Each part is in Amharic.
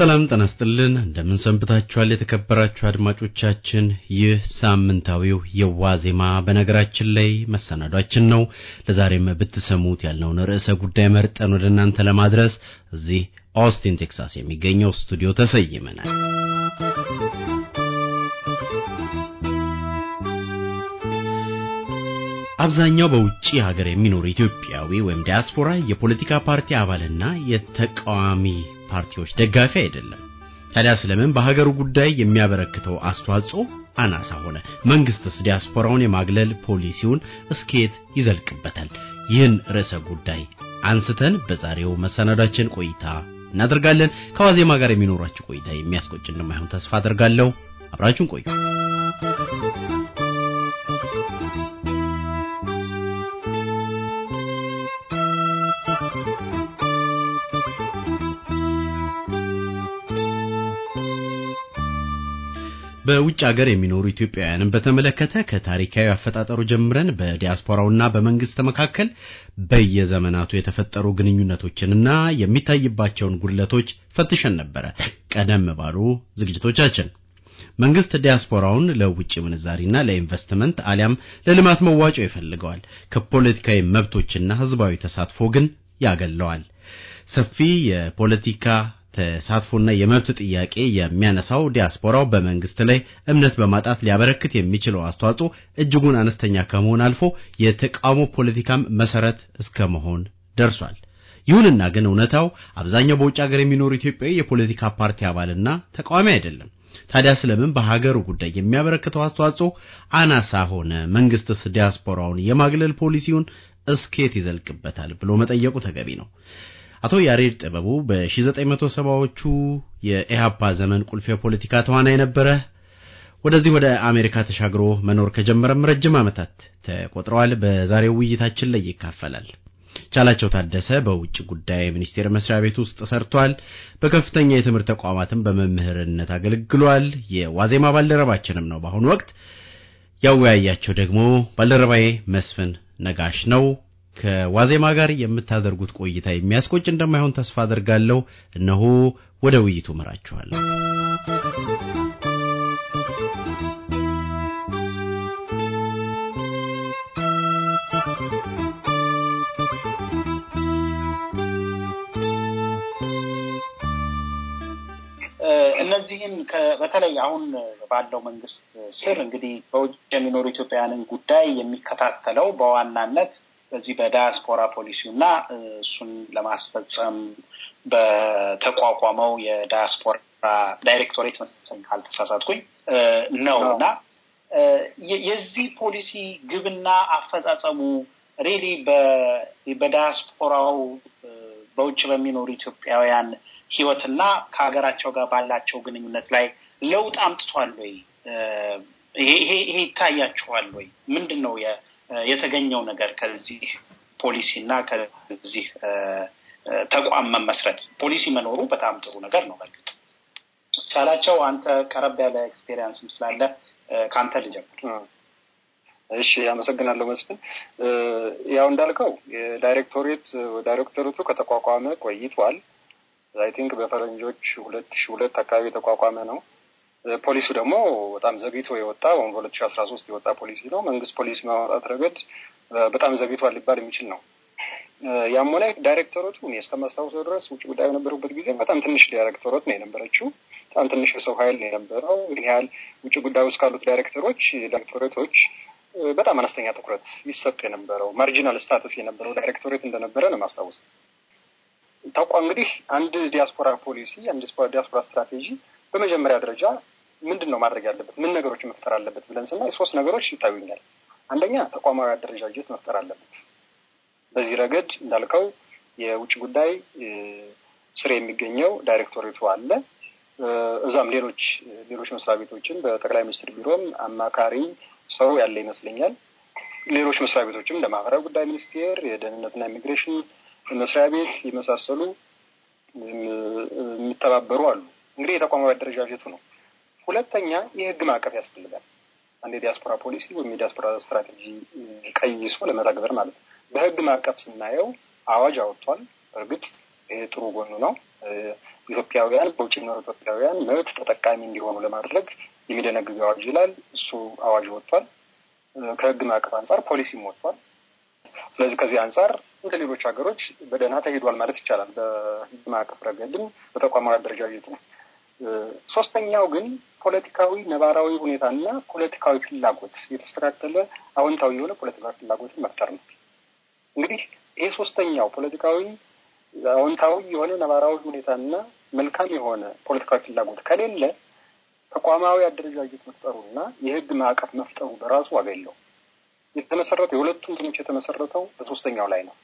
ሰላም ጤና እንደምን ሰንብታችኋል? የተከበራችሁ አድማጮቻችን፣ ይህ ሳምንታዊው የዋዜማ በነገራችን ላይ መሰናዷችን ነው። ለዛሬም ብትሰሙት ያልነውን ርዕሰ ጉዳይ መርጠን ወደ እናንተ ለማድረስ እዚህ ኦስቲን ቴክሳስ የሚገኘው ስቱዲዮ ተሰይመናል። አብዛኛው በውጭ ሀገር የሚኖር ኢትዮጵያዊ ወይም ዲያስፖራ የፖለቲካ ፓርቲ አባልና የተቃዋሚ ፓርቲዎች ደጋፊ አይደለም። ታዲያ ስለምን በሀገሩ ጉዳይ የሚያበረክተው አስተዋጽኦ አናሳ ሆነ? መንግስትስ ዲያስፖራውን የማግለል ፖሊሲውን እስከየት ይዘልቅበታል? ይህን ርዕሰ ጉዳይ አንስተን በዛሬው መሰናዷችን ቆይታ እናደርጋለን። ከዋዜማ ጋር የሚኖራችሁ ቆይታ የሚያስቆጭ እንደማይሆን ተስፋ አደርጋለሁ። አብራችሁን ቆዩ። በውጭ ሀገር የሚኖሩ ኢትዮጵያውያንን በተመለከተ ከታሪካዊ አፈጣጠሩ ጀምረን በዲያስፖራውና በመንግስት መካከል በየዘመናቱ የተፈጠሩ ግንኙነቶችንና የሚታይባቸውን ጉድለቶች ፈትሸን ነበረ። ቀደም ባሉ ዝግጅቶቻችን መንግስት ዲያስፖራውን ለውጭ ምንዛሪና ለኢንቨስትመንት አሊያም ለልማት መዋጮ ይፈልገዋል። ከፖለቲካዊ መብቶችና ህዝባዊ ተሳትፎ ግን ያገለዋል። ሰፊ የፖለቲካ ተሳትፎና የመብት ጥያቄ የሚያነሳው ዲያስፖራው በመንግስት ላይ እምነት በማጣት ሊያበረክት የሚችለው አስተዋጽኦ እጅጉን አነስተኛ ከመሆን አልፎ የተቃውሞ ፖለቲካም መሰረት እስከ መሆን ደርሷል። ይሁንና ግን እውነታው አብዛኛው በውጭ ሀገር የሚኖሩ ኢትዮጵያዊ የፖለቲካ ፓርቲ አባልና ተቃዋሚ አይደለም። ታዲያ ስለምን በሀገሩ ጉዳይ የሚያበረክተው አስተዋጽኦ አናሳ ሆነ? መንግስትስ ዲያስፖራውን የማግለል ፖሊሲውን እስኬት ይዘልቅበታል ብሎ መጠየቁ ተገቢ ነው። አቶ ያሬድ ጥበቡ በ1970ዎቹ የኢህአፓ ዘመን ቁልፍ የፖለቲካ ተዋናይ ነበረ። ወደዚህ ወደ አሜሪካ ተሻግሮ መኖር ከጀመረም ረጅም ዓመታት ተቆጥረዋል። በዛሬው ውይይታችን ላይ ይካፈላል። ቻላቸው ታደሰ በውጭ ጉዳይ ሚኒስቴር መስሪያ ቤት ውስጥ ሰርቷል። በከፍተኛ የትምህርት ተቋማትም በመምህርነት አገልግሏል። የዋዜማ ባልደረባችንም ነው። በአሁኑ ወቅት ያወያያቸው ደግሞ ባልደረባዬ መስፍን ነጋሽ ነው። ከዋዜማ ጋር የምታደርጉት ቆይታ የሚያስቆጭ እንደማይሆን ተስፋ አድርጋለሁ። እነሆ ወደ ውይይቱ መራችኋለሁ። እነዚህን በተለይ አሁን ባለው መንግስት ስር እንግዲህ በውጭ የሚኖሩ ኢትዮጵያውያንን ጉዳይ የሚከታተለው በዋናነት በዚህ በዳያስፖራ ፖሊሲው እና እሱን ለማስፈጸም በተቋቋመው የዳያስፖራ ዳይሬክቶሬት መሰለኝ ካልተሳሳትኩኝ ነው እና የዚህ ፖሊሲ ግብና አፈጻጸሙ ሬሊ በዳያስፖራው በውጭ በሚኖሩ ኢትዮጵያውያን ህይወትና ከሀገራቸው ጋር ባላቸው ግንኙነት ላይ ለውጥ አምጥቷል ወይ? ይሄ ይታያችኋል ወይ? ምንድን ነው የተገኘው ነገር ከዚህ ፖሊሲ እና ከዚህ ተቋም መመስረት ፖሊሲ መኖሩ በጣም ጥሩ ነገር ነው። በርግጥ ቻላቸው፣ አንተ ቀረብ ያለ ኤክስፔሪንስ ስላለ ከአንተ ልጀምር። እሺ፣ አመሰግናለሁ መስፍን። ያው እንዳልከው የዳይሬክቶሬት ዳይሬክቶሬቱ ከተቋቋመ ቆይቷል። አይ ቲንክ በፈረንጆች ሁለት ሺህ ሁለት አካባቢ የተቋቋመ ነው። ፖሊሱ ደግሞ በጣም ዘግይቶ የወጣ ወይም በሁለት ሺ አስራ ሶስት የወጣ ፖሊሲ ነው። መንግስት ፖሊሲ በማውጣት ረገድ በጣም ዘግይቷል ሊባል የሚችል ነው። ያም ሆነ ዳይሬክተሮቹ እኔ እስከማስታውሰው ድረስ ውጭ ጉዳይ በነበሩበት ጊዜ በጣም ትንሽ ዳይሬክተሮት ነው የነበረችው። በጣም ትንሽ የሰው ኃይል ነው የነበረው። ይህን ያህል ውጭ ጉዳይ ውስጥ ካሉት ዳይሬክተሮች ዳይሬክቶሬቶች በጣም አነስተኛ ትኩረት ይሰጥ የነበረው ማርጂናል ስታትስ የነበረው ዳይሬክቶሬት እንደነበረ ነው የማስታውሰው። ታውቋ እንግዲህ አንድ ዲያስፖራ ፖሊሲ አንድ ዲያስፖራ ስትራቴጂ በመጀመሪያ ደረጃ ምንድን ነው ማድረግ ያለበት፣ ምን ነገሮች መፍጠር አለበት ብለን ስናይ ሶስት ነገሮች ይታዩኛል። አንደኛ ተቋማዊ አደረጃጀት መፍጠር አለበት። በዚህ ረገድ እንዳልከው የውጭ ጉዳይ ስር የሚገኘው ዳይሬክቶሬቱ አለ። እዛም ሌሎች ሌሎች መስሪያ ቤቶችን በጠቅላይ ሚኒስትር ቢሮም አማካሪ ሰው ያለ ይመስለኛል። ሌሎች መስሪያ ቤቶችም እንደ ማህበራዊ ጉዳይ ሚኒስቴር፣ የደህንነትና ኢሚግሬሽን መስሪያ ቤት የመሳሰሉ የሚተባበሩ አሉ። እንግዲህ የተቋማዊ አደረጃጀቱ ነው። ሁለተኛ የህግ ማዕቀፍ ያስፈልጋል። አንድ የዲያስፖራ ፖሊሲ ወይም የዲያስፖራ ስትራቴጂ ቀይሶ ለመተግበር ማለት ነው። በህግ ማዕቀፍ ስናየው አዋጅ አወጥቷል። እርግጥ ይህ ጥሩ ጎኑ ነው። ኢትዮጵያውያን በውጭ የሚኖሩ ኢትዮጵያውያን መብት ተጠቃሚ እንዲሆኑ ለማድረግ የሚደነግግ አዋጅ ይላል። እሱ አዋጅ ወጥቷል። ከህግ ማዕቀፍ አንጻር ፖሊሲም ወጥቷል። ስለዚህ ከዚህ አንጻር እንደ ሌሎች ሀገሮች በደህና ተሄዷል ማለት ይቻላል። በህግ ማዕቀፍ ረገድም በተቋማዊ አደረጃጀት ነው። ሶስተኛው ግን ፖለቲካዊ ነባራዊ ሁኔታና ፖለቲካዊ ፍላጎት የተስተካከለ አዎንታዊ የሆነ ፖለቲካዊ ፍላጎትን መፍጠር ነው። እንግዲህ ይሄ ሶስተኛው ፖለቲካዊ አዎንታዊ የሆነ ነባራዊ ሁኔታና መልካም የሆነ ፖለቲካዊ ፍላጎት ከሌለ ተቋማዊ አደረጃጀት መፍጠሩና የህግ ማዕቀፍ መፍጠሩ በራሱ ዋጋ የተመሰረተው የሁለቱም ትንሽ የተመሰረተው በሶስተኛው ላይ ነው።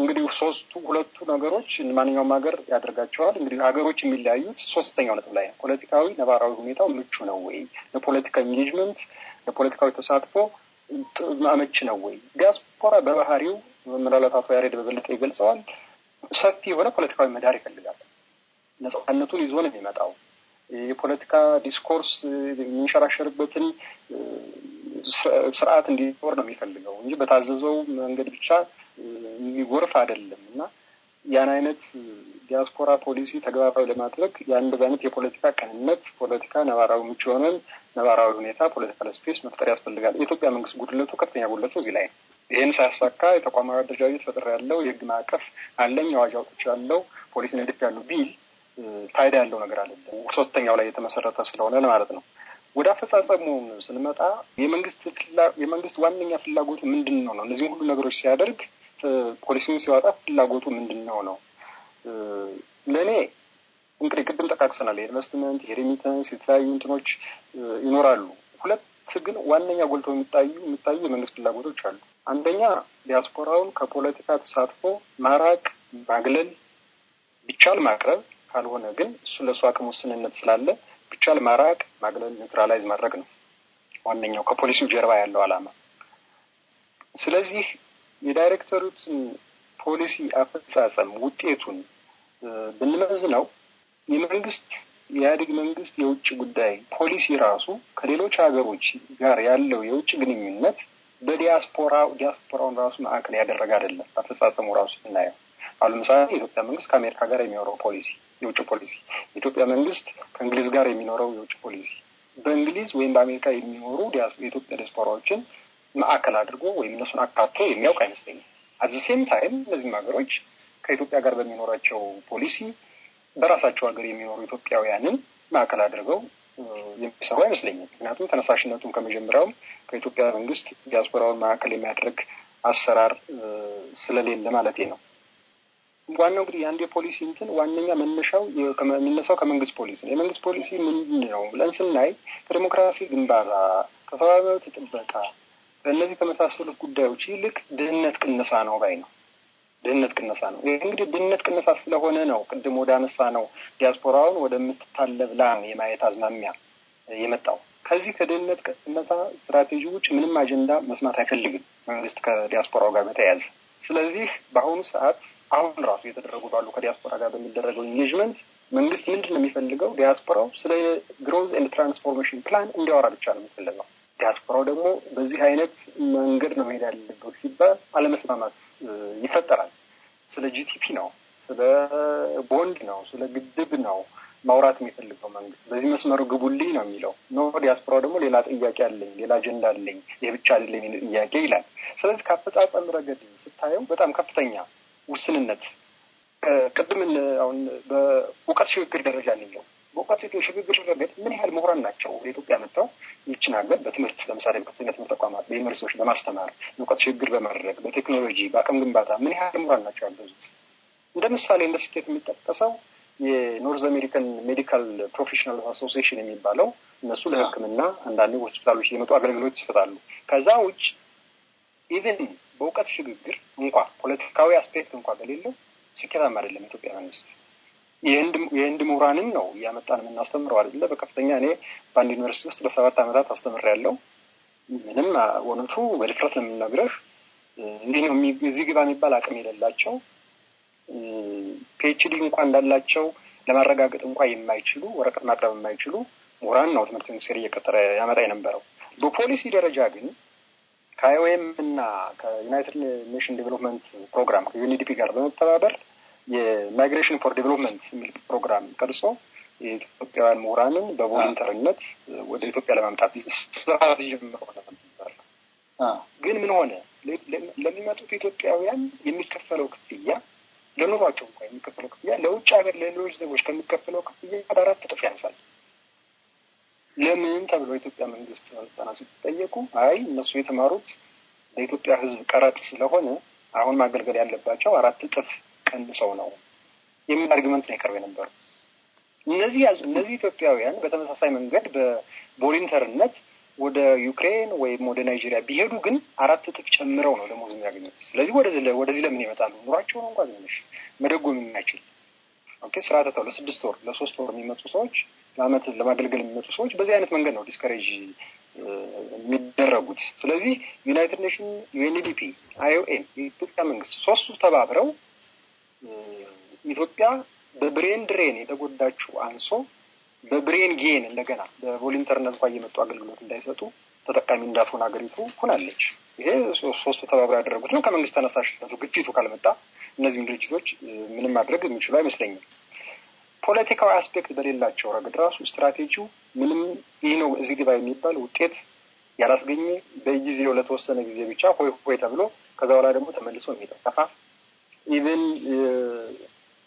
እንግዲህ ሶስቱ ሁለቱ ነገሮች ማንኛውም ሀገር ያደርጋቸዋል። እንግዲህ ሀገሮች የሚለያዩት ሶስተኛው ነጥብ ላይ ነው። ፖለቲካዊ ነባራዊ ሁኔታው ምቹ ነው ወይ? ለፖለቲካ ኢንጌጅመንት፣ ለፖለቲካዊ ተሳትፎ አመች ነው ወይ? ዲያስፖራ በባህሪው ምናልባት አቶ ያሬድ በበለጠ ይገልጸዋል፣ ሰፊ የሆነ ፖለቲካዊ መዳር ይፈልጋል። ነጻነቱን ይዞ ነው የሚመጣው። የፖለቲካ ዲስኮርስ የሚንሸራሸርበትን ስርዓት እንዲኖር ነው የሚፈልገው እንጂ በታዘዘው መንገድ ብቻ የሚጎርፍ አይደለም እና ያን አይነት ዲያስፖራ ፖሊሲ ተግባራዊ ለማድረግ የአንድ አይነት የፖለቲካ ቅንነት ፖለቲካ ነባራዊ ምቹ የሆነን ነባራዊ ሁኔታ ፖለቲካል ስፔስ መፍጠር ያስፈልጋል። የኢትዮጵያ መንግስት ጉድለቱ ከፍተኛ ጉድለቱ እዚህ ላይ ነው። ይህን ሳያሳካ የተቋማዊ አደረጃጀት ፈጥር ያለው የህግ ማዕቀፍ አለኝ አዋጅ አውጥቻለሁ ፖሊሲ ነድፍ ያሉ ቢል ፋይዳ ያለው ነገር አለ ሶስተኛው ላይ የተመሰረተ ስለሆነ ማለት ነው። ወደ አፈጻጸሙ ስንመጣ የመንግስት ዋነኛ ፍላጎቱ ምንድን ነው ነው እነዚህም ሁሉ ነገሮች ሲያደርግ ፖሊሲውን ሲያወጣ ፍላጎቱ ምንድን ነው ነው ለእኔ እንግዲህ ቅድም ጠቃቅሰናል። የኢንቨስትመንት የሬሚተንስ የተለያዩ እንትኖች ይኖራሉ። ሁለት ግን ዋነኛ ጎልተው የሚታዩ የሚታዩ የመንግስት ፍላጎቶች አሉ። አንደኛ ዲያስፖራውን ከፖለቲካ ተሳትፎ ማራቅ፣ ማግለል ቢቻል ማቅረብ ካልሆነ ግን እሱ ለእሱ አቅም ውስንነት ስላለ ብቻል ማራቅ፣ ማግለል፣ ኒውትራላይዝ ማድረግ ነው ዋነኛው ከፖሊሲው ጀርባ ያለው አላማ ስለዚህ የዳይሬክተሩትን ፖሊሲ አፈጻጸም ውጤቱን ብንመዝነው የመንግስት የኢህአዴግ መንግስት የውጭ ጉዳይ ፖሊሲ ራሱ ከሌሎች ሀገሮች ጋር ያለው የውጭ ግንኙነት በዲያስፖራ ዲያስፖራውን ራሱ ማዕከል ያደረገ አይደለም። አፈጻጸሙ ራሱ ስናየው አሁን ምሳሌ የኢትዮጵያ መንግስት ከአሜሪካ ጋር የሚኖረው ፖሊሲ የውጭ ፖሊሲ፣ የኢትዮጵያ መንግስት ከእንግሊዝ ጋር የሚኖረው የውጭ ፖሊሲ በእንግሊዝ ወይም በአሜሪካ የሚኖሩ የኢትዮጵያ ዲያስፖራዎችን ማዕከል አድርጎ ወይም እነሱን አካቶ የሚያውቅ አይመስለኝም። አዚ ሴም ታይም እነዚህም ሀገሮች ከኢትዮጵያ ጋር በሚኖራቸው ፖሊሲ በራሳቸው ሀገር የሚኖሩ ኢትዮጵያውያንን ማዕከል አድርገው የሚሰሩ አይመስለኝም። ምክንያቱም ተነሳሽነቱን ከመጀመሪያውም ከኢትዮጵያ መንግስት ዲያስፖራውን ማዕከል የሚያደርግ አሰራር ስለሌለ ማለት ነው። ዋናው እንግዲህ አንድ የፖሊሲ እንትን ዋነኛ መነሻው የሚነሳው ከመንግስት ፖሊሲ ነው። የመንግስት ፖሊሲ ምንድን ነው ብለን ስናይ ከዲሞክራሲ ግንባታ፣ ከሰብአዊ መብት ጥበቃ በእነዚህ ከመሳሰሉት ጉዳዮች ይልቅ ድህነት ቅነሳ ነው ባይ ነው። ድህነት ቅነሳ ነው። ይህ እንግዲህ ድህነት ቅነሳ ስለሆነ ነው ቅድም ወደ አነሳ ነው ዲያስፖራውን ወደምትታለብ ላም የማየት አዝማሚያ የመጣው። ከዚህ ከድህነት ቅነሳ ስትራቴጂ ውጭ ምንም አጀንዳ መስማት አይፈልግም መንግስት ከዲያስፖራው ጋር በተያያዘ። ስለዚህ በአሁኑ ሰዓት አሁን ራሱ እየተደረጉ ባሉ ከዲያስፖራ ጋር በሚደረገው ኢንጌጅመንት መንግስት ምንድን ነው የሚፈልገው? ዲያስፖራው ስለ ግሮዝ ኤንድ ትራንስፎርሜሽን ፕላን እንዲያወራ ብቻ ነው የሚፈልገው። ዲያስፖራው ደግሞ በዚህ አይነት መንገድ ነው መሄድ ያለበት ሲባል አለመስማማት ይፈጠራል። ስለ ጂቲፒ ነው፣ ስለ ቦንድ ነው፣ ስለ ግድብ ነው ማውራት የሚፈልገው መንግስት። በዚህ መስመሩ ግቡልኝ ነው የሚለው። ኖ ዲያስፖራው ደግሞ ሌላ ጥያቄ አለኝ፣ ሌላ አጀንዳ አለኝ፣ ይህ ብቻ አይደለም ጥያቄ ይላል። ስለዚህ ከአፈጻጸም ረገድ ስታየው በጣም ከፍተኛ ውስንነት ቅድም አሁን በእውቀት ሽግግር ደረጃ እንየው። በእውቀት ሽግግር ረገድ ምን ያህል ምሁራን ናቸው ወደ ኢትዮጵያ መጥተው ይችን ሀገር በትምህርት ለምሳሌ በከፍተኛ ትምህርት ተቋማት በዩኒቨርሲቲዎች ለማስተማር የእውቀት ሽግግር በማድረግ በቴክኖሎጂ በአቅም ግንባታ ምን ያህል ምሁራን ናቸው ያገዙት? እንደ ምሳሌ እንደ ስኬት የሚጠቀሰው የኖርዝ አሜሪካን ሜዲካል ፕሮፌሽናል አሶሲሽን የሚባለው እነሱ ለህክምና አንዳንድ ሆስፒታሎች የመጡ አገልግሎት ይሰጣሉ። ከዛ ውጭ ኢቨን በእውቀት ሽግግር እንኳ ፖለቲካዊ አስፔክት እንኳ በሌለው ስኬታማ አይደለም የኢትዮጵያ መንግስት። የህንድ ምሁራንን ነው እያመጣን የምናስተምረው አይደለ? በከፍተኛ እኔ በአንድ ዩኒቨርሲቲ ውስጥ ለሰባት ዓመታት አስተምር ያለው ምንም ወነቱ በድፍረት ነው የምነግረህ። እንዲህ ነው እዚህ ግባ የሚባል አቅም የሌላቸው ፒችዲ እንኳ እንዳላቸው ለማረጋገጥ እንኳ የማይችሉ ወረቀት ማቅረብ የማይችሉ ምሁራን ነው ትምህርት ሚኒስቴር እየቀጠረ ያመጣ የነበረው። በፖሊሲ ደረጃ ግን ከአይኦኤም እና ከዩናይትድ ኔሽን ዴቨሎፕመንት ፕሮግራም ከዩኒዲፒ ጋር በመተባበር የማይግሬሽን ፎር ዴቨሎፕመንት የሚል ፕሮግራም ቀርጾ የኢትዮጵያውያን ምሁራንን በቮለንተርነት ወደ ኢትዮጵያ ለማምጣት ስርዓት ጀምሮ ነበር። ግን ምን ሆነ? ለሚመጡት ኢትዮጵያውያን የሚከፈለው ክፍያ ለኑሯቸው እንኳ የሚከፈለው ክፍያ ለውጭ ሀገር ለሌሎች ዜጎች ከሚከፈለው ክፍያ በአራት እጥፍ ያንሳል። ለምን ተብሎ ኢትዮጵያ መንግስት ባለስልጣናት ሲጠየቁ አይ እነሱ የተማሩት ለኢትዮጵያ ህዝብ ቀረጥ ስለሆነ አሁን ማገልገል ያለባቸው አራት እጥፍ ቀንሰው ነው የሚል አርግመንት ነው የቀርብ የነበሩ። እነዚህ እነዚህ ኢትዮጵያውያን በተመሳሳይ መንገድ በቮሊንተርነት ወደ ዩክሬን ወይም ወደ ናይጄሪያ ቢሄዱ ግን አራት እጥፍ ጨምረው ነው ደሞዝ የሚያገኙት። ስለዚህ ወደዚህ ለምን ይመጣሉ? ነው እንኳ ትንሽ መደጎም የሚያችል ስርዓተ ተው ለስድስት ወር ለሶስት ወር የሚመጡ ሰዎች ለአመት ለማገልገል የሚመጡ ሰዎች በዚህ አይነት መንገድ ነው ዲስከሬጅ የሚደረጉት። ስለዚህ ዩናይትድ ኔሽን፣ ዩኤንዲፒ፣ አይኦኤም፣ የኢትዮጵያ መንግስት ሶስቱ ተባብረው ኢትዮጵያ በብሬን ድሬን የተጎዳችው አንሶ በብሬን ጌን እንደገና በቮሊንተርነት እንኳ እየመጡ አገልግሎት እንዳይሰጡ ተጠቃሚ እንዳትሆን ሀገሪቱ ሆናለች። ይሄ ሶስቱ ተባብረው ያደረጉት ነው። ከመንግስት ተነሳሽነቱ ግፊቱ ካልመጣ እነዚህም ድርጅቶች ምንም ማድረግ የሚችሉ አይመስለኝም። ፖለቲካዊ አስፔክት በሌላቸው ረገድ ራሱ ስትራቴጂው ምንም ይህ ነው እዚህ ግባ የሚባል ውጤት ያላስገኘ በጊዜው ለተወሰነ ጊዜ ብቻ ሆይ ሆይ ተብሎ ከዛ በኋላ ደግሞ ተመልሶ የሚጠፋ ኢቨን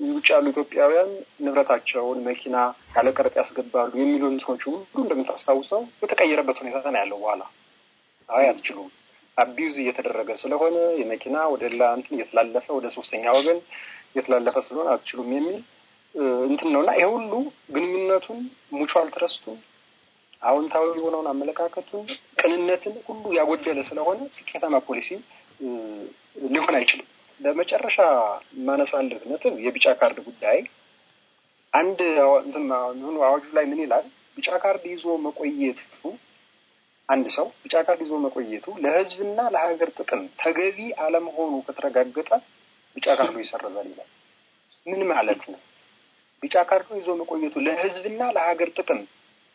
ውጭ ያሉ ኢትዮጵያውያን ንብረታቸውን መኪና ያለ ቀረጥ ያስገባሉ የሚሉን ሰዎች ሁሉ እንደምታስታውሰው የተቀየረበት ሁኔታ ነው ያለው። በኋላ አይ አትችሉም፣ አቢዩዝ እየተደረገ ስለሆነ የመኪና ወደ ሌላ እንትን እየተላለፈ ወደ ሶስተኛ ወገን እየተላለፈ ስለሆነ አትችሉም የሚል እንትን ነው እና ይሄ ሁሉ ግንኙነቱን ሙቹዋል ትረስቱን አዎንታዊ የሆነውን አመለካከቱን ቅንነትን ሁሉ ያጎደለ ስለሆነ ስኬታማ ፖሊሲ ሊሆን አይችልም። ለመጨረሻ የማነሳልህ ነጥብ የቢጫ ካርድ ጉዳይ አንድ ሆኑ አዋጁ ላይ ምን ይላል? ቢጫ ካርድ ይዞ መቆየቱ አንድ ሰው ቢጫ ካርድ ይዞ መቆየቱ ለሕዝብና ለሀገር ጥቅም ተገቢ አለመሆኑ ከተረጋገጠ ቢጫ ካርዱ ይሰረዛል ይላል። ምን ማለት ነው? ቢጫ ካርዱ ይዞ መቆየቱ ለሕዝብና ለሀገር ጥቅም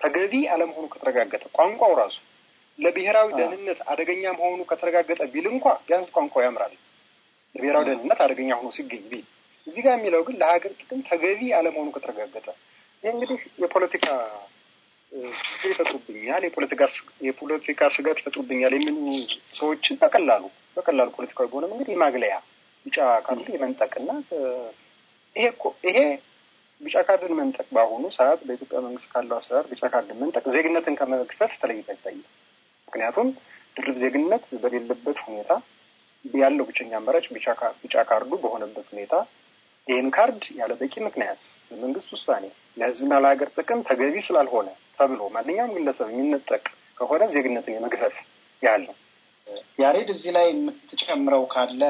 ተገቢ አለመሆኑ ከተረጋገጠ ቋንቋው ራሱ ለብሔራዊ ደህንነት አደገኛ መሆኑ ከተረጋገጠ ቢል እንኳ ቢያንስ ቋንቋው ያምራል። የብሔራዊ ደህንነት አደገኛ ሆኖ ሲገኝ ቢ እዚህ ጋር የሚለው ግን ለሀገር ጥቅም ተገቢ አለመሆኑ ከተረጋገጠ ይህ እንግዲህ የፖለቲካ ይፈጥሩብኛል የፖለቲካ ስጋት ይፈጥሩብኛል የሚሉ ሰዎችን በቀላሉ በቀላሉ ፖለቲካዊ በሆነ መንገድ የማግለያ ቢጫ ካርድ የመንጠቅና ይሄ እኮ ይሄ ቢጫ ካርድን መንጠቅ በአሁኑ ሰዓት በኢትዮጵያ መንግስት ካለው አሰራር ቢጫ ካርድን መንጠቅ ዜግነትን ከመክፈት ተለይቶ ይታያል። ምክንያቱም ድርብ ዜግነት በሌለበት ሁኔታ ያለው ብቸኛ አማራጭ ቢጫ ካርዱ በሆነበት ሁኔታ ይህን ካርድ ያለ በቂ ምክንያት ለመንግስት ውሳኔ ለህዝብና ለሀገር ጥቅም ተገቢ ስላልሆነ ተብሎ ማንኛውም ግለሰብ የሚነጠቅ ከሆነ ዜግነትን የመግፈፍ ያለው ያሬድ፣ እዚህ ላይ የምትጨምረው ካለ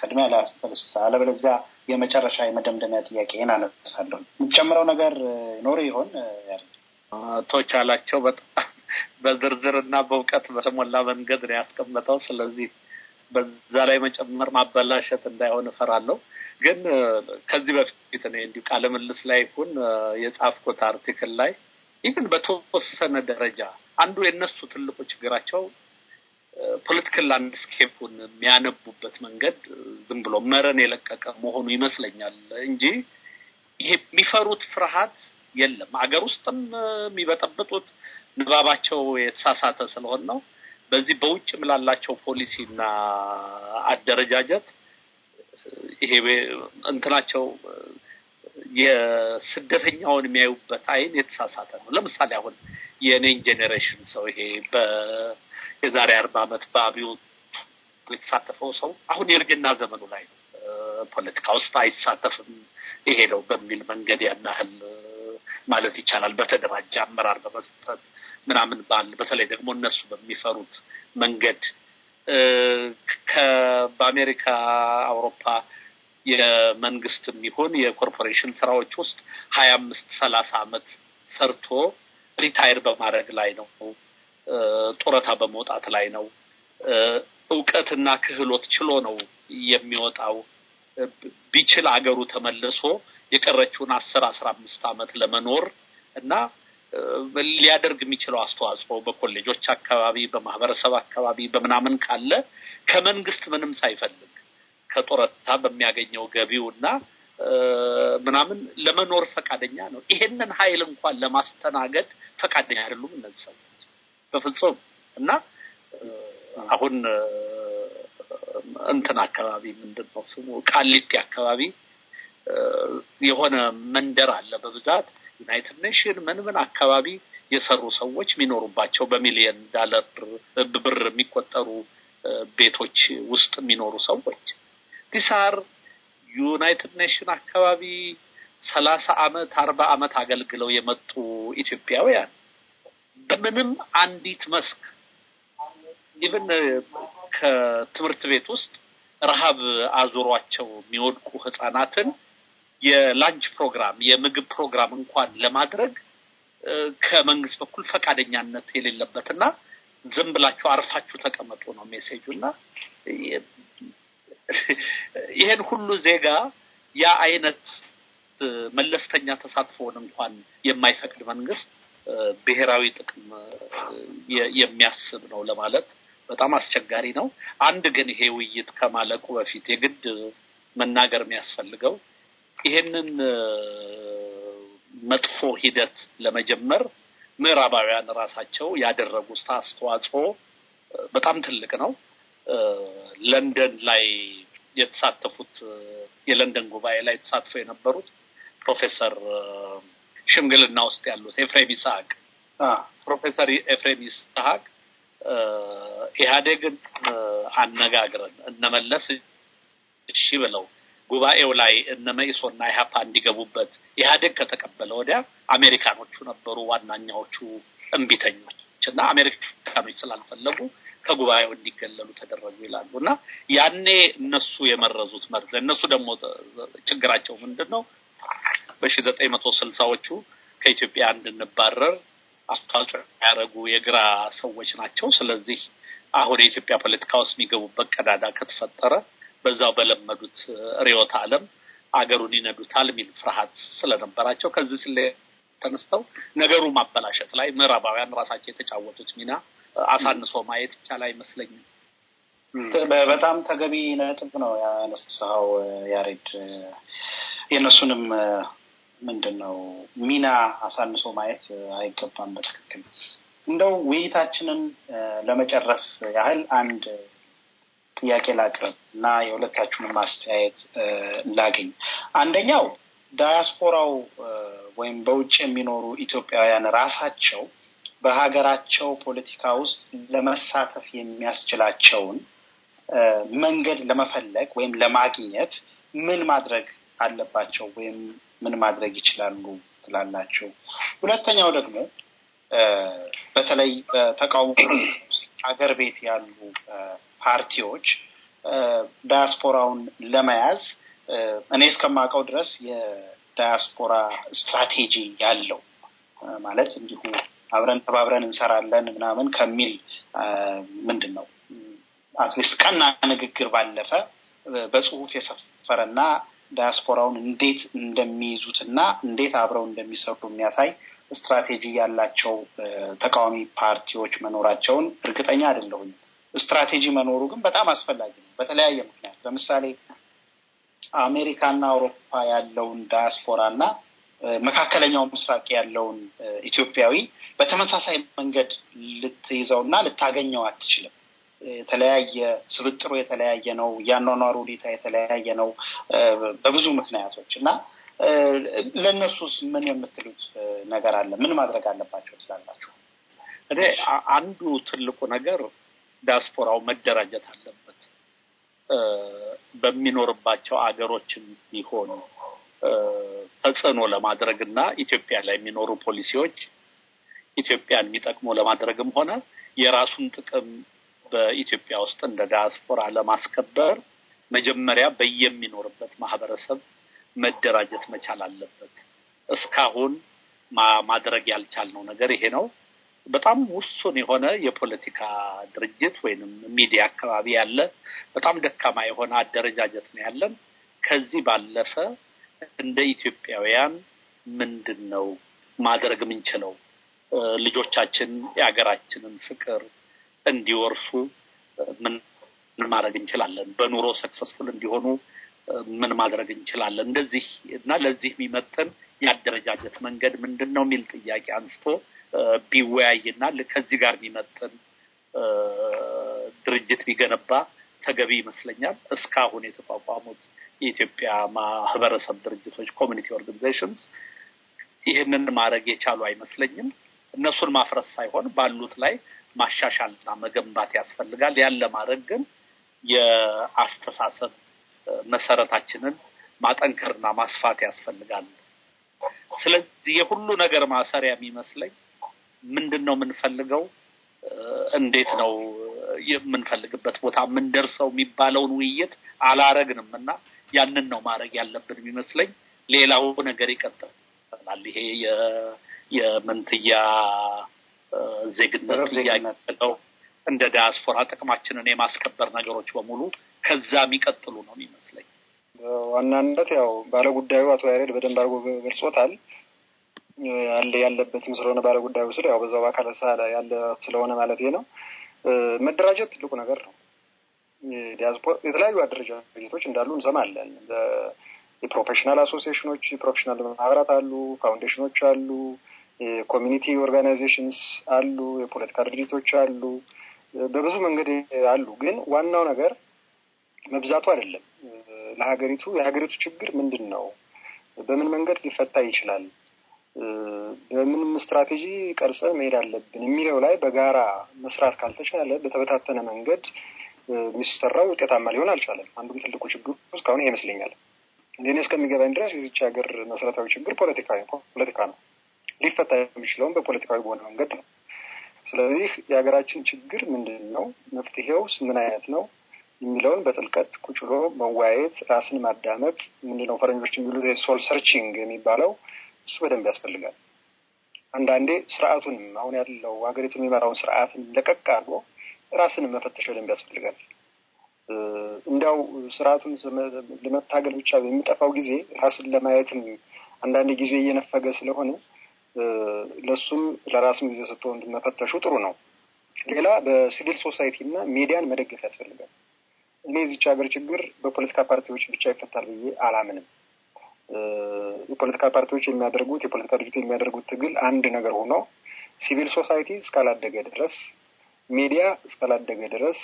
ቅድሚያ ላያስፈልስታ፣ አለበለዚያ የመጨረሻ የመደምደሚያ ጥያቄ ጥያቄን አነሳለሁ። የምትጨምረው ነገር ኖር ይሆን? አቶ ቻላቸው በጣም በዝርዝር እና በእውቀት በተሞላ መንገድ ነው ያስቀመጠው። ስለዚህ በዛ ላይ መጨመር ማበላሸት እንዳይሆን እፈራለሁ። ግን ከዚህ በፊት እኔ እንዲሁ ቃለ ላይ ይሁን የጻፍኩት አርቲክል ላይ ኢቭን በተወሰነ ደረጃ አንዱ የነሱ ትልቁ ችግራቸው ፖለቲካል ላንድስኬፑን የሚያነቡበት መንገድ ዝም ብሎ መረን የለቀቀ መሆኑ ይመስለኛል እንጂ ይሄ የሚፈሩት ፍርሃት የለም። አገር ውስጥም የሚበጠብጡት ንባባቸው የተሳሳተ ስለሆን ነው። በዚህ በውጭም ላላቸው እና አደረጃጀት ይሄ እንትናቸው የስደተኛውን የሚያዩበት አይን የተሳሳተ ነው። ለምሳሌ አሁን የኔን ጄኔሬሽን ሰው ይሄ የዛሬ አርባ ዓመት በአብዮት የተሳተፈው ሰው አሁን የእርግና ዘመኑ ላይ ፖለቲካ ውስጥ አይሳተፍም ይሄ ነው በሚል መንገድ ያናህል ማለት ይቻላል በተደራጀ አመራር በመስጠት ምናምን ባል በተለይ ደግሞ እነሱ በሚፈሩት መንገድ በአሜሪካ፣ አውሮፓ የመንግስት የሚሆን የኮርፖሬሽን ስራዎች ውስጥ ሀያ አምስት ሰላሳ አመት ሰርቶ ሪታይር በማድረግ ላይ ነው፣ ጡረታ በመውጣት ላይ ነው። እውቀትና ክህሎት ችሎ ነው የሚወጣው። ቢችል አገሩ ተመልሶ የቀረችውን አስር አስራ አምስት አመት ለመኖር እና ሊያደርግ የሚችለው አስተዋጽኦ በኮሌጆች አካባቢ፣ በማህበረሰብ አካባቢ በምናምን ካለ ከመንግስት ምንም ሳይፈልግ ከጡረታ በሚያገኘው ገቢው እና ምናምን ለመኖር ፈቃደኛ ነው። ይሄንን ኃይል እንኳን ለማስተናገድ ፈቃደኛ አይደሉም እነዚህ ሰዎች በፍጹም። እና አሁን እንትን አካባቢ ምንድን ነው ስሙ ቃሊቲ አካባቢ የሆነ መንደር አለ በብዛት ዩናይትድ ኔሽን ምን ምን አካባቢ የሰሩ ሰዎች የሚኖሩባቸው በሚሊየን ዳለር ብር የሚቆጠሩ ቤቶች ውስጥ የሚኖሩ ሰዎች ዲሳር ዩናይትድ ኔሽን አካባቢ ሰላሳ አመት አርባ አመት አገልግለው የመጡ ኢትዮጵያውያን በምንም አንዲት መስክ ኢቨን ከትምህርት ቤት ውስጥ ረሃብ አዙሯቸው የሚወድቁ ህጻናትን የላንች ፕሮግራም የምግብ ፕሮግራም እንኳን ለማድረግ ከመንግስት በኩል ፈቃደኛነት የሌለበት እና ዝም ብላችሁ አርፋችሁ ተቀመጡ ነው ሜሴጁ እና ይሄን ሁሉ ዜጋ ያ አይነት መለስተኛ ተሳትፎውን እንኳን የማይፈቅድ መንግስት ብሔራዊ ጥቅም የሚያስብ ነው ለማለት በጣም አስቸጋሪ ነው። አንድ ግን ይሄ ውይይት ከማለቁ በፊት የግድ መናገር የሚያስፈልገው ይሄንን መጥፎ ሂደት ለመጀመር ምዕራባውያን ራሳቸው ያደረጉት አስተዋጽኦ በጣም ትልቅ ነው። ለንደን ላይ የተሳተፉት የለንደን ጉባኤ ላይ ተሳትፎ የነበሩት ፕሮፌሰር ሽምግልና ውስጥ ያሉት ኤፍሬም ይስሐቅ ፕሮፌሰር ኤፍሬም ይስሐቅ ኢህአዴግን አነጋግረን እነመለስ እሺ ብለው ጉባኤው ላይ እነ መኢሶና ኢህአፓ እንዲገቡበት ኢህአዴግ ከተቀበለ ወዲያ አሜሪካኖቹ ነበሩ ዋናኛዎቹ እምቢተኞች እና አሜሪካኖች ስላልፈለጉ ከጉባኤው እንዲገለሉ ተደረጉ ይላሉ። እና ያኔ እነሱ የመረዙት መርዝ እነሱ ደግሞ ችግራቸው ምንድን ነው? በሺ ዘጠኝ መቶ ስልሳዎቹ ከኢትዮጵያ እንድንባረር አስተዋጽኦ ያደረጉ የግራ ሰዎች ናቸው። ስለዚህ አሁን የኢትዮጵያ ፖለቲካ ውስጥ የሚገቡበት ቀዳዳ ከተፈጠረ በዛው በለመዱት ርዕዮተ ዓለም አገሩን ይነዱታል የሚል ፍርሃት ስለነበራቸው ከዚህ ስለ ተነስተው ነገሩ ማበላሸት ላይ ምዕራባውያን ራሳቸው የተጫወቱት ሚና አሳንሶ ማየት ይቻል አይመስለኝም። በጣም ተገቢ ነጥብ ነው ያነሳው ያሬድ። የእነሱንም ምንድን ነው ሚና አሳንሶ ማየት አይገባም። በትክክል እንደው ውይይታችንን ለመጨረስ ያህል አንድ ጥያቄ ላቅርብ እና የሁለታችሁንም ማስተያየት ላገኝ። አንደኛው ዳያስፖራው ወይም በውጭ የሚኖሩ ኢትዮጵያውያን ራሳቸው በሀገራቸው ፖለቲካ ውስጥ ለመሳተፍ የሚያስችላቸውን መንገድ ለመፈለግ ወይም ለማግኘት ምን ማድረግ አለባቸው ወይም ምን ማድረግ ይችላሉ ትላላችሁ? ሁለተኛው ደግሞ በተለይ በተቃውሞ ሀገር ቤት ያሉ ፓርቲዎች ዳያስፖራውን ለመያዝ እኔ እስከማውቀው ድረስ የዳያስፖራ ስትራቴጂ ያለው ማለት እንዲሁ አብረን ተባብረን እንሰራለን ምናምን ከሚል ምንድን ነው አትሊስት ቀና ንግግር ባለፈ በጽሁፍ የሰፈረና ዳያስፖራውን እንዴት እንደሚይዙትና እንዴት አብረው እንደሚሰሩ የሚያሳይ ስትራቴጂ ያላቸው ተቃዋሚ ፓርቲዎች መኖራቸውን እርግጠኛ አይደለሁም። ስትራቴጂ መኖሩ ግን በጣም አስፈላጊ ነው። በተለያየ ምክንያት ለምሳሌ አሜሪካና አውሮፓ ያለውን ዳያስፖራ እና መካከለኛው ምስራቅ ያለውን ኢትዮጵያዊ በተመሳሳይ መንገድ ልትይዘው እና ልታገኘው አትችልም። የተለያየ ስብጥሩ የተለያየ ነው። ያኗኗሩ ሁኔታ የተለያየ ነው በብዙ ምክንያቶች እና ለእነሱስ ምን የምትሉት ነገር አለ? ምን ማድረግ አለባቸው ትላላችሁ? እኔ አንዱ ትልቁ ነገር ዲያስፖራው መደራጀት አለበት። በሚኖርባቸው አገሮችም ቢሆኑ ተጽዕኖ ለማድረግ እና ኢትዮጵያ ላይ የሚኖሩ ፖሊሲዎች ኢትዮጵያን የሚጠቅሙ ለማድረግም ሆነ የራሱን ጥቅም በኢትዮጵያ ውስጥ እንደ ዲያስፖራ ለማስከበር መጀመሪያ በየሚኖርበት ማህበረሰብ መደራጀት መቻል አለበት። እስካሁን ማድረግ ያልቻልነው ነገር ይሄ ነው። በጣም ውሱን የሆነ የፖለቲካ ድርጅት ወይንም ሚዲያ አካባቢ ያለ በጣም ደካማ የሆነ አደረጃጀት ነው ያለን። ከዚህ ባለፈ እንደ ኢትዮጵያውያን ምንድን ነው ማድረግ የምንችለው? ልጆቻችን የሀገራችንን ፍቅር እንዲወርሱ ምን ማድረግ እንችላለን? በኑሮ ሰክሰስፉል እንዲሆኑ ምን ማድረግ እንችላለን? እንደዚህ እና ለዚህ የሚመጥን የአደረጃጀት መንገድ ምንድን ነው የሚል ጥያቄ አንስቶ ቢወያይና ከዚህ ጋር የሚመጥን ድርጅት ቢገነባ ተገቢ ይመስለኛል። እስካሁን የተቋቋሙት የኢትዮጵያ ማህበረሰብ ድርጅቶች ኮሚኒቲ ኦርጋኒዜሽንስ ይህንን ማድረግ የቻሉ አይመስለኝም። እነሱን ማፍረስ ሳይሆን ባሉት ላይ ማሻሻልና መገንባት ያስፈልጋል። ያን ለማድረግ ግን የአስተሳሰብ መሰረታችንን ማጠንከርና ማስፋት ያስፈልጋል። ስለዚህ የሁሉ ነገር ማሰሪያ የሚመስለኝ ምንድን ነው የምንፈልገው፣ እንዴት ነው የምንፈልግበት ቦታ የምንደርሰው የሚባለውን ውይይት አላረግንም እና ያንን ነው ማድረግ ያለብን የሚመስለኝ። ሌላው ነገር ይቀጥላል። ይሄ የምንትያ ዜግነት ጥያቄው እንደ ዳያስፖራ ጥቅማችንን የማስከበር ነገሮች በሙሉ ከዛ የሚቀጥሉ ነው የሚመስለኝ። በዋናነት ያው ባለጉዳዩ አቶ ያሬድ በደንብ አድርጎ ገልጾታል። ያለ ያለበትም ስለሆነ ባለ ጉዳዩ ስለ ያው በዛው በአካል ያለ ስለሆነ ማለት ነው። መደራጀት ትልቁ ነገር ነው። ዲያስፖራ የተለያዩ አደረጃጀቶች እንዳሉ እንሰማለን። የፕሮፌሽናል አሶሲሽኖች የፕሮፌሽናል ማህበራት አሉ፣ ፋውንዴሽኖች አሉ፣ የኮሚኒቲ ኦርጋናይዜሽንስ አሉ፣ የፖለቲካ ድርጅቶች አሉ፣ በብዙ መንገድ አሉ። ግን ዋናው ነገር መብዛቱ አይደለም። ለሀገሪቱ የሀገሪቱ ችግር ምንድን ነው? በምን መንገድ ሊፈታ ይችላል? በምንም ስትራቴጂ ቀርጸ መሄድ አለብን የሚለው ላይ በጋራ መስራት ካልተቻለ በተበታተነ መንገድ የሚሰራው ውጤታማ ሊሆን አልቻለም። አንዱም ትልቁ ችግሩ እስካሁን ይሄ ይመስለኛል። እኔ እስከሚገባኝ ድረስ የዚች ሀገር መሰረታዊ ችግር ፖለቲካዊ ፖለቲካ ነው። ሊፈታ የሚችለውም በፖለቲካዊ በሆነ መንገድ ነው። ስለዚህ የሀገራችን ችግር ምንድን ነው፣ መፍትሄውስ ምን አይነት ነው የሚለውን በጥልቀት ቁጭሎ መወያየት፣ ራስን ማዳመጥ ምንድነው ፈረንጆች የሚሉት ሶል ሰርቺንግ የሚባለው እሱ በደንብ ያስፈልጋል። አንዳንዴ ስርዓቱን አሁን ያለው ሀገሪቱን የሚመራውን ስርዓትን ለቀቅ አድርጎ ራስን መፈተሽ በደንብ ያስፈልጋል። እንዲያው ስርዓቱን ለመታገል ብቻ በሚጠፋው ጊዜ ራስን ለማየትም አንዳንድ ጊዜ እየነፈገ ስለሆነ ለሱም ለራስም ጊዜ ሰጥቶ መፈተሹ ጥሩ ነው። ሌላ በሲቪል ሶሳይቲ እና ሚዲያን መደገፍ ያስፈልጋል። እኔ የዚች ሀገር ችግር በፖለቲካ ፓርቲዎች ብቻ ይፈታል ብዬ አላምንም። የፖለቲካ ፓርቲዎች የሚያደርጉት የፖለቲካ ድርጅቶች የሚያደርጉት ትግል አንድ ነገር ሆኖ ሲቪል ሶሳይቲ እስካላደገ ድረስ ሚዲያ እስካላደገ ድረስ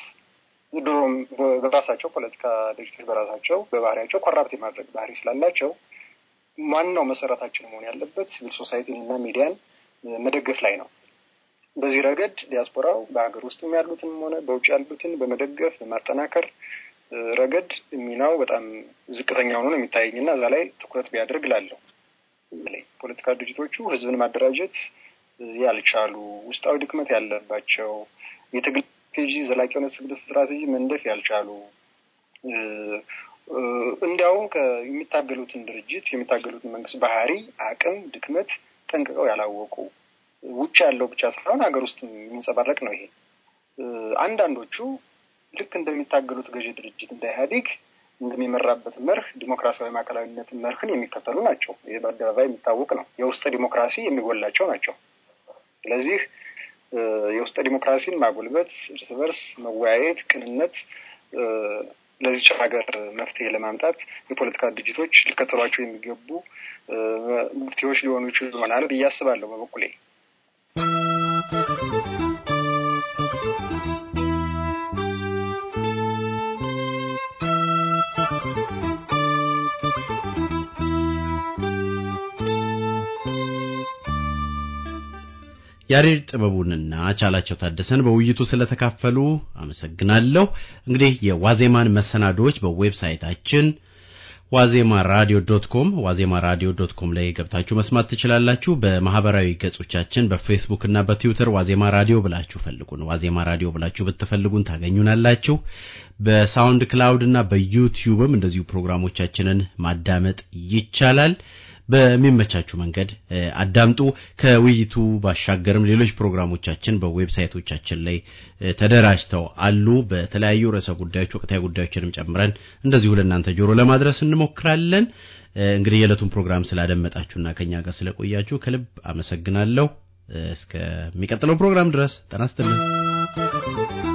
ድሮም በራሳቸው ፖለቲካ ድርጅቶች በራሳቸው በባህሪያቸው ኮራፕት የማድረግ ባህሪ ስላላቸው ዋናው መሰረታችን መሆን ያለበት ሲቪል ሶሳይቲን እና ሚዲያን መደገፍ ላይ ነው። በዚህ ረገድ ዲያስፖራው በሀገር ውስጥም ያሉትንም ሆነ በውጭ ያሉትን በመደገፍ በማጠናከር ረገድ ሚናው በጣም ዝቅተኛ ሆኖ ነው የሚታየኝ እና እዛ ላይ ትኩረት ቢያደርግ ላለው ፖለቲካ ድርጅቶቹ ህዝብን ማደራጀት ያልቻሉ፣ ውስጣዊ ድክመት ያለባቸው፣ የትግል ስትራቴጂ ዘላቂነት ስግደት ስትራቴጂ መንደፍ ያልቻሉ እንዲያውም የሚታገሉትን ድርጅት የሚታገሉትን መንግስት ባህሪ፣ አቅም፣ ድክመት ጠንቅቀው ያላወቁ ውጭ ያለው ብቻ ሳይሆን ሀገር ውስጥ የሚንጸባረቅ ነው ይሄ አንዳንዶቹ ልክ እንደሚታገሉት ገዢ ድርጅት እንደ ኢህአዴግ እንደሚመራበት መርህ ዲሞክራሲያዊ ማዕከላዊነትን መርህን የሚከተሉ ናቸው። ይህ በአደባባይ የሚታወቅ ነው። የውስጥ ዲሞክራሲ የሚጎላቸው ናቸው። ስለዚህ የውስጥ ዲሞክራሲን ማጎልበት፣ እርስ በርስ መወያየት፣ ቅንነት ለዚች ሀገር መፍትሄ ለማምጣት የፖለቲካ ድርጅቶች ሊከተሏቸው የሚገቡ መፍትሄዎች ሊሆኑ ይችሉ ይሆናል ብዬ አስባለሁ በበኩሌ። ያሬድ ጥበቡንና ቻላቸው ታደሰን በውይይቱ ስለተካፈሉ አመሰግናለሁ። እንግዲህ የዋዜማን መሰናዶዎች በዌብሳይታችን ዋዜማ ራዲዮ ዶት ኮም ዋዜማ ራዲዮ ዶት ኮም ላይ ገብታችሁ መስማት ትችላላችሁ። በማህበራዊ ገጾቻችን በፌስቡክ እና በትዊተር ዋዜማ ራዲዮ ብላችሁ ፈልጉን። ዋዜማ ራዲዮ ብላችሁ ብትፈልጉን ታገኙናላችሁ። በሳውንድ ክላውድ እና በዩቲዩብም እንደዚሁ ፕሮግራሞቻችንን ማዳመጥ ይቻላል። በሚመቻችሁ መንገድ አዳምጡ። ከውይይቱ ባሻገርም ሌሎች ፕሮግራሞቻችን በዌብሳይቶቻችን ላይ ተደራጅተው አሉ። በተለያዩ ርዕሰ ጉዳዮች፣ ወቅታዊ ጉዳዮችንም ጨምረን እንደዚሁ ለእናንተ ጆሮ ለማድረስ እንሞክራለን። እንግዲህ የዕለቱን ፕሮግራም ስላደመጣችሁና ከኛ ጋር ስለቆያችሁ ከልብ አመሰግናለሁ። እስከሚቀጥለው ፕሮግራም ድረስ ጤና ይስጥልን።